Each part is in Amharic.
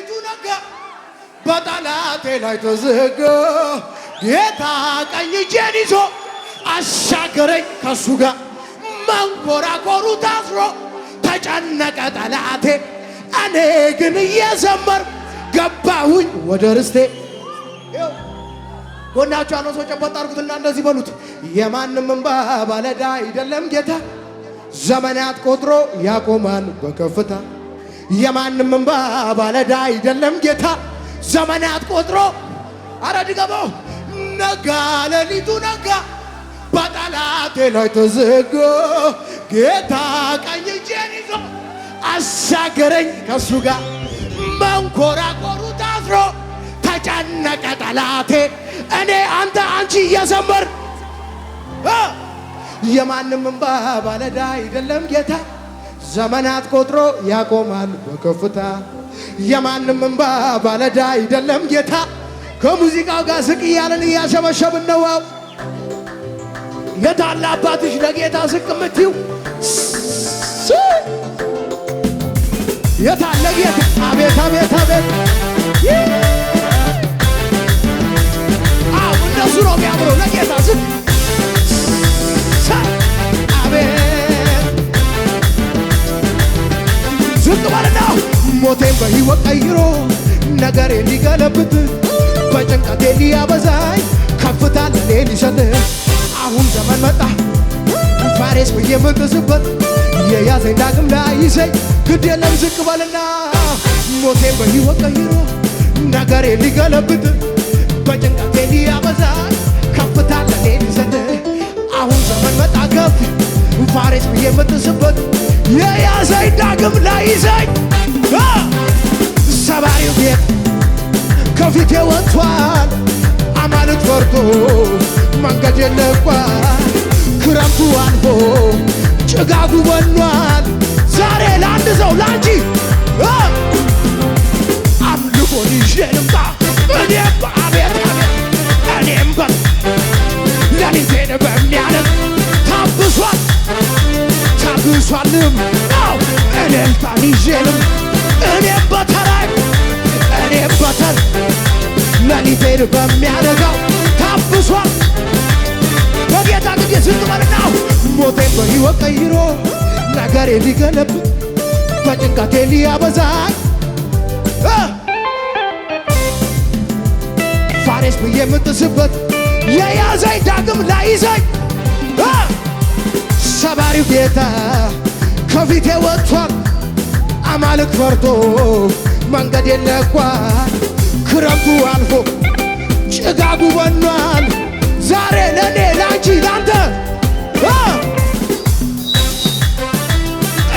ሌሊቱ ነጋ፣ በጠላቴ ላይ ተዘጋ። ጌታ ቀኝ እጄን ይዞ አሻገረኝ ከሱ ጋር መንኮራኮሩ ታስሮ ተጨነቀ ጠላቴ። እኔ ግን እየዘመር ገባሁኝ ወደ ርስቴ። ጎናችሁ ያለው ሰው ጨበጥ አድርጉትና እንደዚህ በሉት፣ የማንም እንባ ባለዕዳ አይደለም ጌታ፣ ዘመናት ቆጥሮ ያቆማል በከፍታ የማንም እንባ ባለዳ አይደለም ጌታ ዘመናት ቆጥሮ አረ ድገመው ነጋ ለሊቱ ነጋ በጠላቴ ላይ ተዘጋ ጌታ ቀኝ እጄን ይዞ አሻገረኝ ከሱ ጋር መንኮራኮሩ ታስሮ ተጨነቀ ጠላቴ እኔ አንተ አንቺ እየዘመር የማንም እንባ ባለዳ አይደለም ጌታ ዘመናት ቆጥሮ ያቆማል በከፍታ የማንም እንባ ባለዳ አይደለም ጌታ። ከሙዚቃው ጋር ስቅ እያለን እያሸበሸብን ነው። ለታላ አባትሽ ለጌታ ስቅ ምትው የታለ ጌታ አቤት አቤት አቤት የምጥስበት የያዘኝ ዳግም ላይ ይሰኝ ግድ የለም ዝቅ በልና ሞቴን በሕይወት ቀይሮ ነገሬ ሊገለብጥ በጭንቀቴ ሊያበዛ ከፍታ ለኔ ሊሰጥ አሁን ዘመን መጣ ገፍ ፋሬስ ብዬ የምጥስበት የያዘኝ ዳግም ላይ ይሰኝ ሰባሪው ቤት ከፊቴ ወጥቷል አማልት ወርዶ መንገድ የለቋል ክረምቱ አልፎ ጭጋጉ በኗል። ዛሬ ለአንድ ሰው ላንቺ አምልኮን ይዤ ልምጣ እኔም በአቤት እኔም በ ለሊቴን በሚያለም ታብሷል ታብሷልም ው እልልታን ይዤ ልም እኔም በተራይ እኔም በተር ለሊቴን በሚያደጋው ታብሷል ጌታ ግን የስንት በልና ሞቴን በሕይወት ቀይሮ ነገሬ ሊገለብጥ በጭንቀቴ ሊያበዛኝ ፋሬስ ብዬ የምጥስበት የያዘኝ ዳግም ላይዘኝ ሰባሪው ጌታ ከፊቴ ወጥቷል። አማልክ ፈርቶ መንገድ የለቋል። ክረምቱ አልፎ ጭጋጉ በኗል። ዛሬ ለእኔ ለአንቺ ላንተ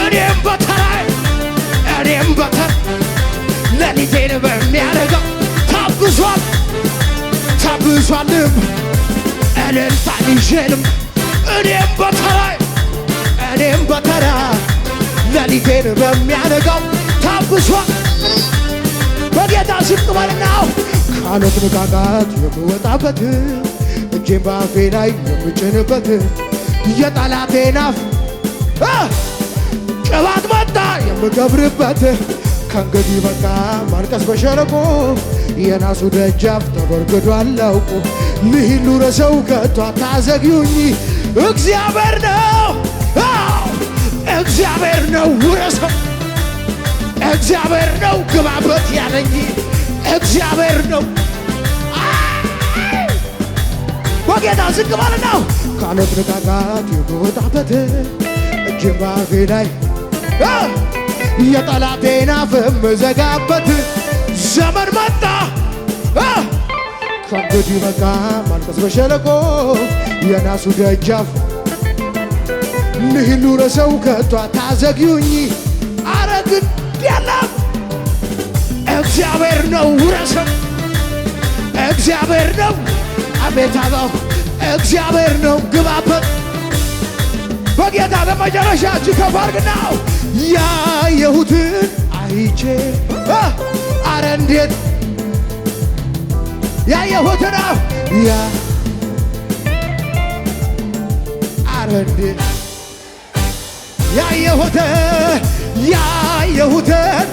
እኔም በተራይ እኔም በተር ለሊቴን በሚያደርገው ታብሷል ታብሷልም እልልታን ይዤልም እኔም በተራይ እኔም በተራ ለሊቴን በሚያደርገው ታብሷል በጌታ ስም ቅበልና ካሎት ንቃቃት የምወጣበት እጄን በአፌ ላይ የምጭንበት የጠላቴ ናፍ ቅባት መጣ የምገብርበት ከእንግዲህ በቃ ማልቀስ በሸለቆ የናሱ ደጃፍ ተበርግዶ አላውቁ ልሂሉ ረሰው ከቶ አታዘግዩኝ እግዚአብሔር ነው እግዚአብሔር ነው ውረሰው እግዚአብሔር ነው ግባበት ያለኝ እግዚአብሔር ነው ወጌታ ዝቅ በልና ካለ ጥርቃቃት የምወጣበት እጅን ባፌ ላይ የጠላቴን አፍ የምዘጋበት ዘመን መጣ። ከእንግዲህ በቃ ማልቀስ በሸለቆ የናሱ ደጃፍ ንህሉ ረሰው ከቷ ታዘግዩኝ አረግድ የለም እግዚአብሔር ነው ውረሰ እግዚአብሔር ነው አቤት አባው እግዚአብሔር ነው። ግባበት በጌታ ለመጨረሻ እጅ ከፍ አድርግናው ያየሁትን አይቼ አረ እንዴት ያየሁትን ያ አረ እንዴት ያየሁትን ያየሁትን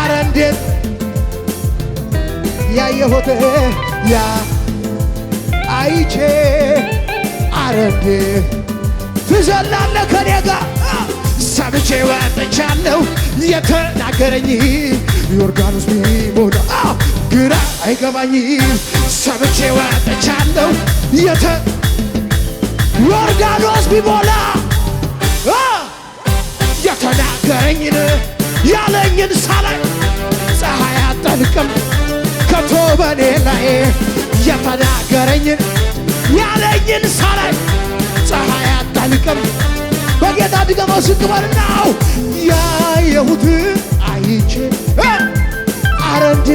አረ እንዴት ያየሁት ያ አይቼ አረንድ ትዘላለ ከኔ ጋር ሰምቼ ወጥቻለሁ የተናገረኝ ዮርዳኖስ ቢሞላ ግራ አይገባኝ ሰምቼ ወጥቻለሁ የተ ዮርዳኖስ ቢሞላ የተናገረኝን ያለኝን ሳላይ ፀሐይ አጠልቅም መቶ በኔ ላይ የተናገረኝን ያለኝን ሳላይ ፀሐይ አታልቅም። በጌታ ድገመው ስክበርናው ያየሁት አይቼ አረንድ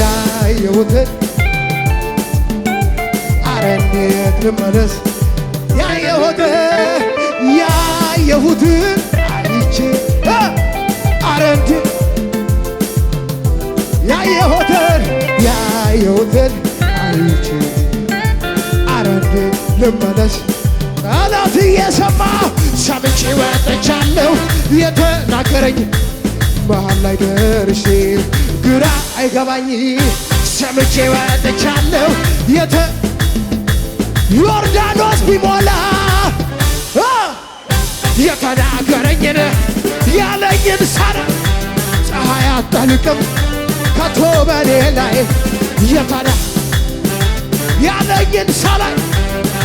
ያየሁት አረንድ ልመለስ ያየሁት ያየሁት አይቼ አረንድ ያየሁትን ያየሁትን አይቼ አረ እንዴት ልመለስ ጠላት እየሰማ ሰምቼ ወጥቻለሁ የተናገረኝ መሃል ላይ ደርሼ ግራ አይገባኝ ሰምቼ ወጥቻለሁ የተ ዮርዳኖስ ቢሞላ የተናገረኝን ያለኝን ሳረ ፀሐይ አጠልቅም መቶ በኔ ላይ የታዳ ያለኝን ሳላይ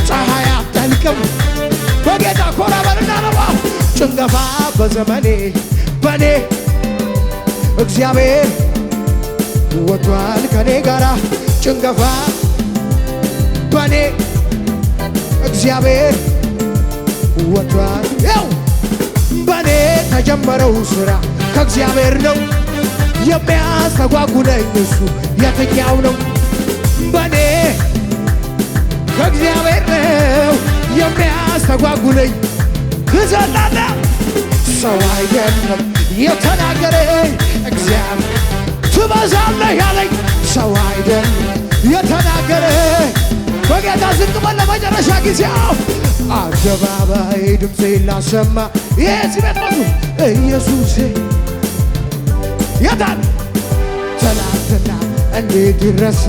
ፀሐይ አጠልቅም በጌታ ኮራ በልና ጭንገፋ በዘመኔ በኔ እግዚአብሔር ወቷል ከኔ ጋራ ጭንገፋ በኔ እግዚአብሔር ወቷል ያው በኔ ተጀመረው ስራ ከእግዚአብሔር ነው የሚያስተጓጉለኝ እሱ የትኛው ነው? በኔ ከእግዚአብሔር ነው የሚያስተጓጉለኝ። ክዘላለ ሰው አይደለም የተናገረኝ እግዚአብሔር ትበዛለህ ያለኝ ሰው አይደለም የተናገረ በጌታ ዝቅ ለመጨረሻ ጊዜ አደባባይ ድምፄ ላሰማ ይህ ሲበጣሉ ኢየሱሴ የታል ትላንትና እንዴት ይረሳ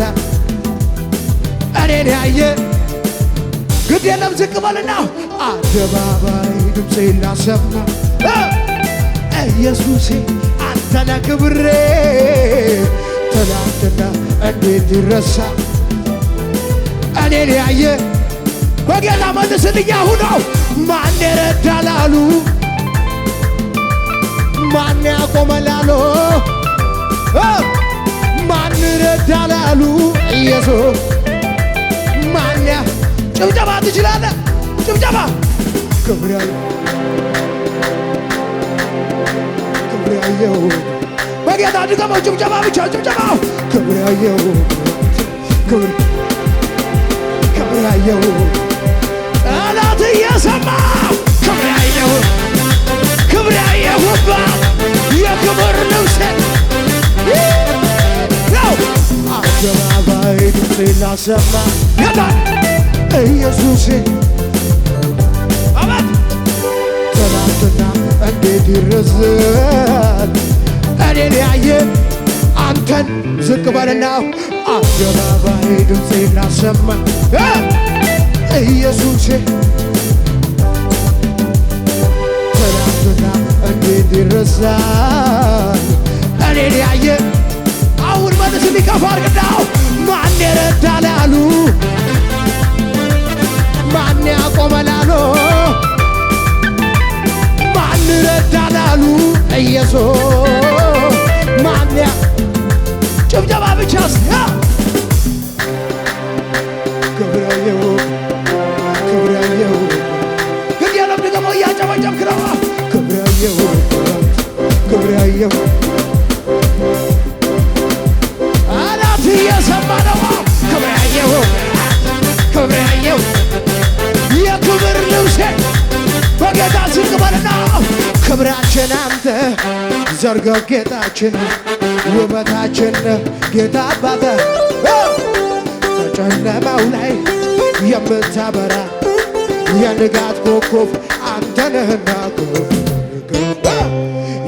እኔን ያየ ግድ የለም ዝቅ በልና አደባባይ ድምፄ ላሰማ ኢየሱሴ አንተነ ክብሬ ትላንትና እንዴት ይረሳ እኔን ያየ በጌታ መልስልኝ አሁን ማን ረዳላሉ ማን ያቆመላሉ ማን ረዳላሉ ኢየሱስ ማን ጭብጨባ ትችላለህ ጭብጨባ ክብር ክብር ያየው በጌታ ድገመው ጭብጨባ ብቻ ጭብጨባ ክብር ያየው ክብር ክብር ያየው ጠላት እየሰማ ክብር ያየው የባክ የክብር ልብስ አደባባይ ትናንትና እንዴት ይረዝል እኔን ያየ አንተን ዝቅ በልና አደባባይ ድምፄ ላሰማ ኢየሱሴ ይረሳል እኔን ያየ አሁን መልስ ሊከፋ አርግዳው ማን የረዳል አሉ ማን ያቆመል አሉ ማን ረዳል አሉ ኢየሱስ ማን ጭብጨባ ብቻ ክብራችን አንተ ዘርገው ጌጣችን ውበታችን ጌታ አባተ በጨለማው ላይ የምታበራ የንጋት ኮከብ አንተ ነህና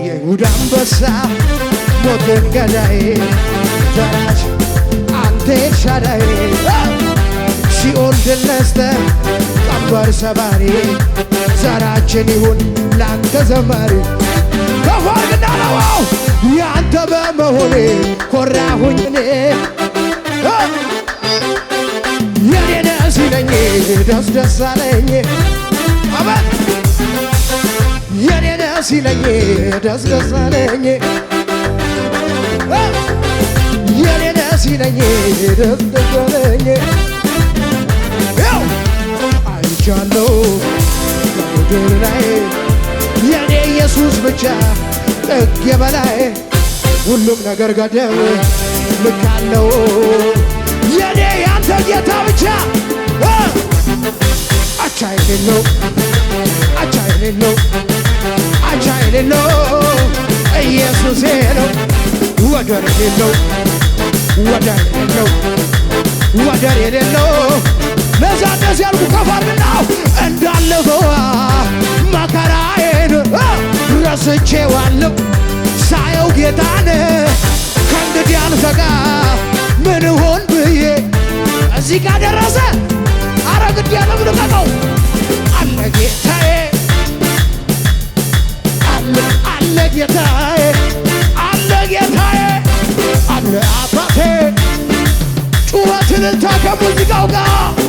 የይሁዳ አንበሳ ሞትን ገዳይ ደራሽ አንተ ኤልሻዳይ ሲኦል ድል ነስተህ ቀንበር ሰባሪ ዘራችን ይሁን ላንተ ዘመሪ ከሆንክ እንዳለዋው ያንተ በመሆኔ ኮራሁኝ እኔ የኔ ደስ ይለኝ ደስ ደስ አለኝ አበት የኔ ደስ ይለኝ ደስ ደስ አለኝ የኔ ደስ ይለኝ ደስ ደስ አለኝ አይቻለሁ ምድር ላይ ኢየሱስ ብቻ ጥጌ በላይ ሁሉም ነገር ገደብ ልካለው የኔ ያንተ ጌታ ብቻ አቻ የሌለው አቻ የሌለው አቻ የሌለው ኢየሱሴ ነው ወደር የሌለው ወደር የሌለው ወደር የሌለው ለዛ እንደዚህ ያልኩ ከፈርናው እንዳለፈዋ መከራዬን ረስቼዋለሁ ሳየው ጌታን ከእንግዲህ አልዘጋ ምን ሆን ብዬ እዚህ ጋ ደረሰ። አረ ግድ ያለም ልቀቀው አለ ጌታዬ አለ አለ ጌታዬ አለ ጌታዬ አለ አባቴ ከሙዚቃው ጋር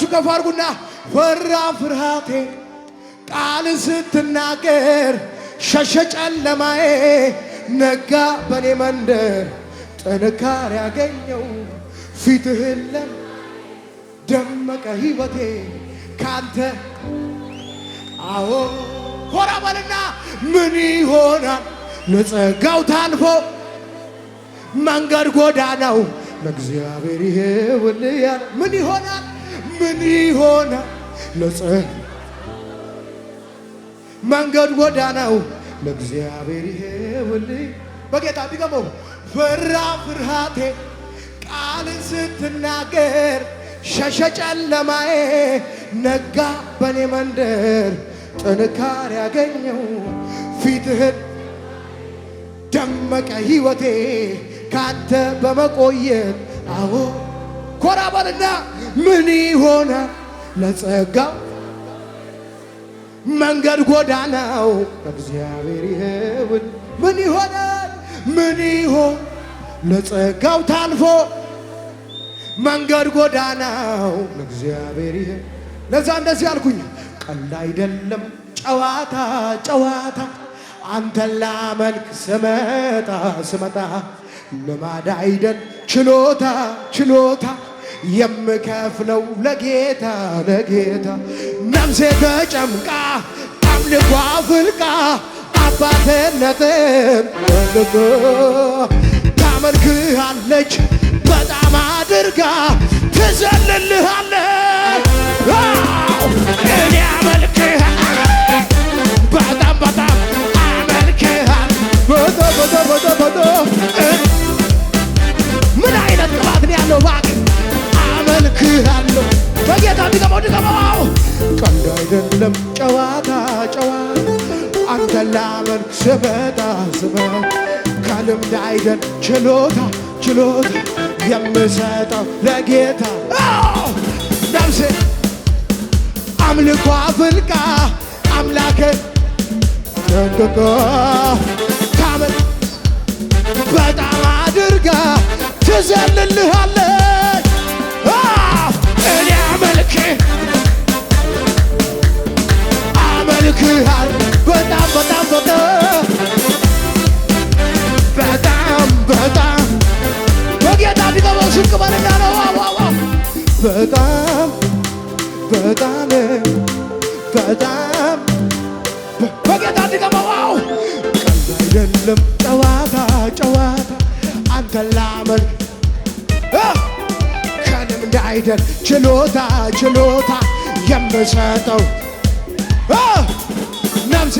ድምፃችሁ ከፍ አርጉና ፈራ ፍርሃቴ ቃል ስትናገር ሸሸ ጨለማዬ ነጋ በኔ መንደር ጥንካሬ ያገኘው ፊትህን ለም ደመቀ ሕይወቴ ካንተ አዎ ኮራ በልና ምን ይሆናል ለጸጋው ታልፎ መንገድ ጎዳናው ለእግዚአብሔር ይሄውልያል ምን ይሆናል ምን ይሆነ ለጽህ መንገድ ጎዳናው ለእግዚአብሔር ይሄውልኝ በጌታ ቢገመው ፈራ ፍርሃቴ ቃልን ስትናገር ሸሸ ጨለማዬ ነጋ በኔ መንደር ጥንካሬ ያገኘው ፊትህን ደመቀ ሕይወቴ ካንተ በመቆየት አዎ ኮራ በልና ምን ይሆናል ለጸጋው መንገድ ጎዳናው እግዚአብሔር ይኸውን ምን ይሆናል ምን ይሆን ለጸጋው ታልፎ መንገድ ጎዳናው እግዚአብሔር ይሄ ለዛ እንደዚህ አልኩኝ ቀልድ አይደለም ጨዋታ ጨዋታ አንተን ላመልክ ስመጣ ስመጣ ልማድ አይደል ችሎታ ችሎታ የምከፍለው ለጌታ ለጌታ ነፍሴ ተጨምቃ አምልኳ ፍልቃ አባትነትም ታመልክሃለች በጣም አድርጋ ትዘልልሃለች እኔ አመልክሃ በጣም በጣም አመልክሃል ምን አይነት ቅባት ነው ያለው ባቅ እመሰክራለሁ በጌታ ድገመው ድገመው ቀልድ አይደለም ጨዋታ ጨዋታ አንተ ላመልክ ስመጣ ስመጣ ከልምድ አይደል ችሎታ ችሎታ የምሰጠው ለጌታ ነፍሴ አምልኮ አፍልቃ አምላክን ደንግጎ ታመል በጣም አድርጋ ትዘልልሃለ አመልክ አመልክሃል በጣም በጣም በጣም በጣም በጣም በጌታ ቢገባው ሽቅ በልና ነው በጣም በጣም በጣም በጌታ ቢገባው ቀልድ አይደለም ጨዋታ ጨዋታ አንተን ላመልክ አይደል ችሎታ ችሎታ የምሰጠው ነፍሴ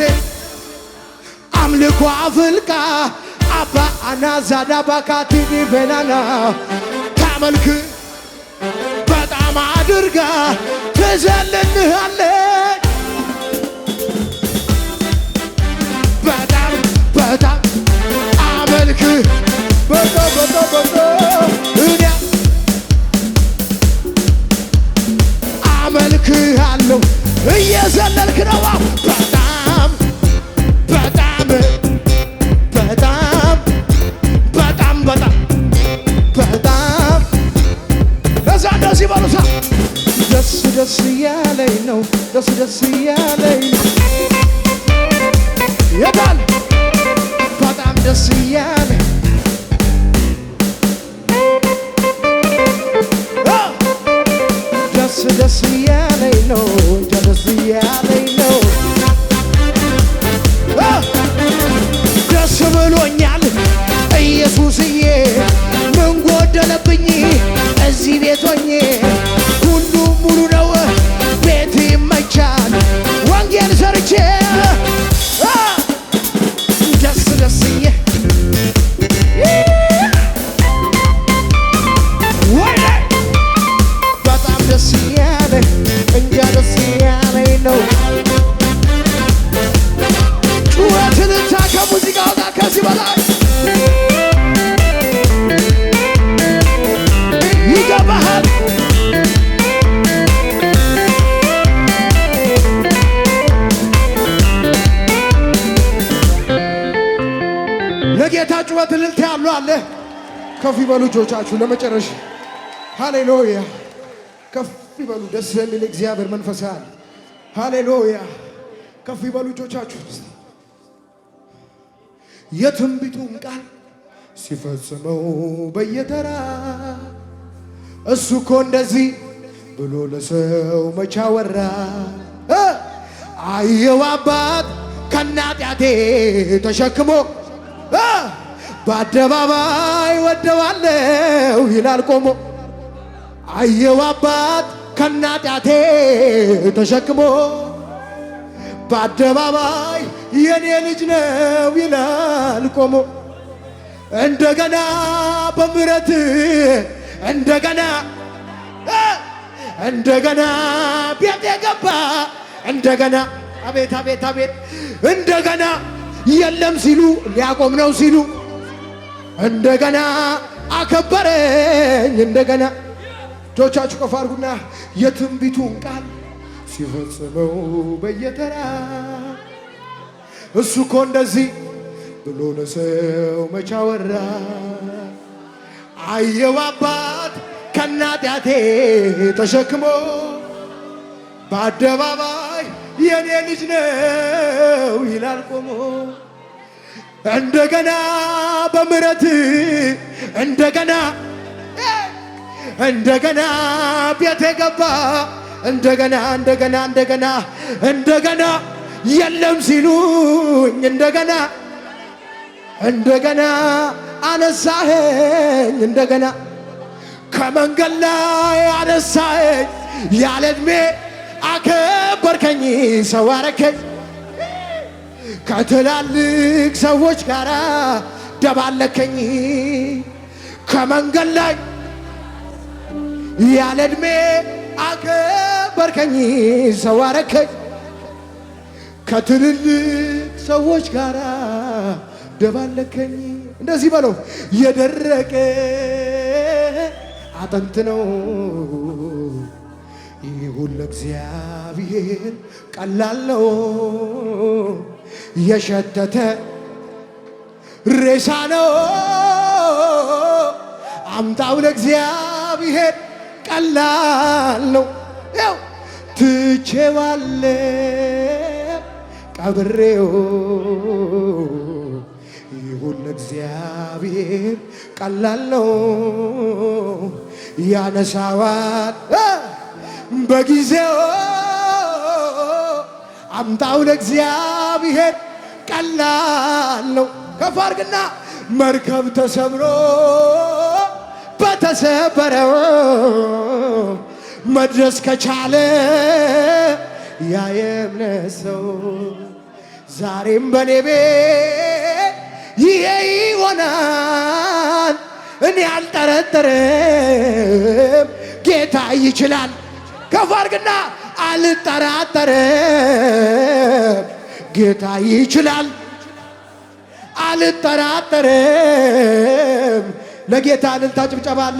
አምልኮ አፍልቃ አባ አና ዛዳ ባካቲኒ ቤናና ታመልክ በጣም አድርጋ ትዘልንሃለች ስቀድስ ደስ እያለኝ የዳል በጣም ደስ እያለኝ ደስ ደስ እያለኝ ነው ደስ እያለኝ ትልልት እልልታ ያለው አለ። ከፍ ይበሉ እጆቻችሁ ለመጨረሻ። ሃሌሉያ! ከፍ ይበሉ። ደስ የሚል እግዚአብሔር መንፈስ ያለ። ሃሌሉያ! ከፍ ይበሉ እጆቻችሁ። የትንቢቱን ቃል ሲፈጽመው በየተራ እሱ እኮ እንደዚህ ብሎ ለሰው መቻ ወራ አየው አባት ከናጢአቴ ተሸክሞ በአደባባይ ወደዋለው ይላል ቆሞ አየው አባት ከናጣቴ ተሸክሞ በአደባባይ የኔ ልጅ ነው ይላል ቆሞ እንደገና በምረት እንደገና እንደገና ቤት የገባ እንደገና አቤት አቤት አቤት እንደገና የለም ሲሉ ሊያቆም ነው ሲሉ እንደገና አከበረኝ። እንደገና እጆቻችሁ ከፍ አድርጉና የትንቢቱን ቃል ሲፈጽመው በየተራ እሱ እኮ እንደዚህ ብሎ ለሰው መቼ አወራ። አየው አባት ከናጢአቴ ተሸክሞ በአደባባይ የኔ ልጅ ነው ይላል ቆሞ እንደገና በምረት እንደገና እንደገና ቤቴ ገባ እንደገና እንደገና እንደገና እንደገና የለም ሲሉኝ እንደገና እንደገና አነሳኸኝ እንደገና ከመንገድ ላይ አነሳኸኝ ያለ እድሜ አከበርከኝ ሰው አረከኝ ከትላልቅ ሰዎች ጋር ደባለከኝ ከመንገድ ላይ ያለ እድሜ አከበርከኝ ሰው አረከኝ ከትልልቅ ሰዎች ጋር ደባለከኝ። እንደዚህ በለው የደረቀ አጥንት ነው ይሁን ለእግዚአብሔር ቀላል ነው። የሸተተ ሬሳ ነው። አምጣው ለእግዚአብሔር ቀላል ነው። ያው ትቼዋለ ቀብሬው ይሁን ለእግዚአብሔር ቀላል ነው። ያነሳዋል በጊዜው አምጣው ለእግዚአብሔር ቀላል ነው። ከፍ አድርግና መርከብ ተሰብሮ በተሰበረው መድረስ ከቻለ ያ የእምነት ሰው ዛሬም በኔ ቤት ይሄ ይሆናል። እኔ አልጠረጠርም፣ ጌታ ይችላል። ከፍ አድርግና አልጠራጠርም፣ ጌታ ይችላል። አልጠራጠርም። ለጌታ እልልታ ጭብጨባ አለ።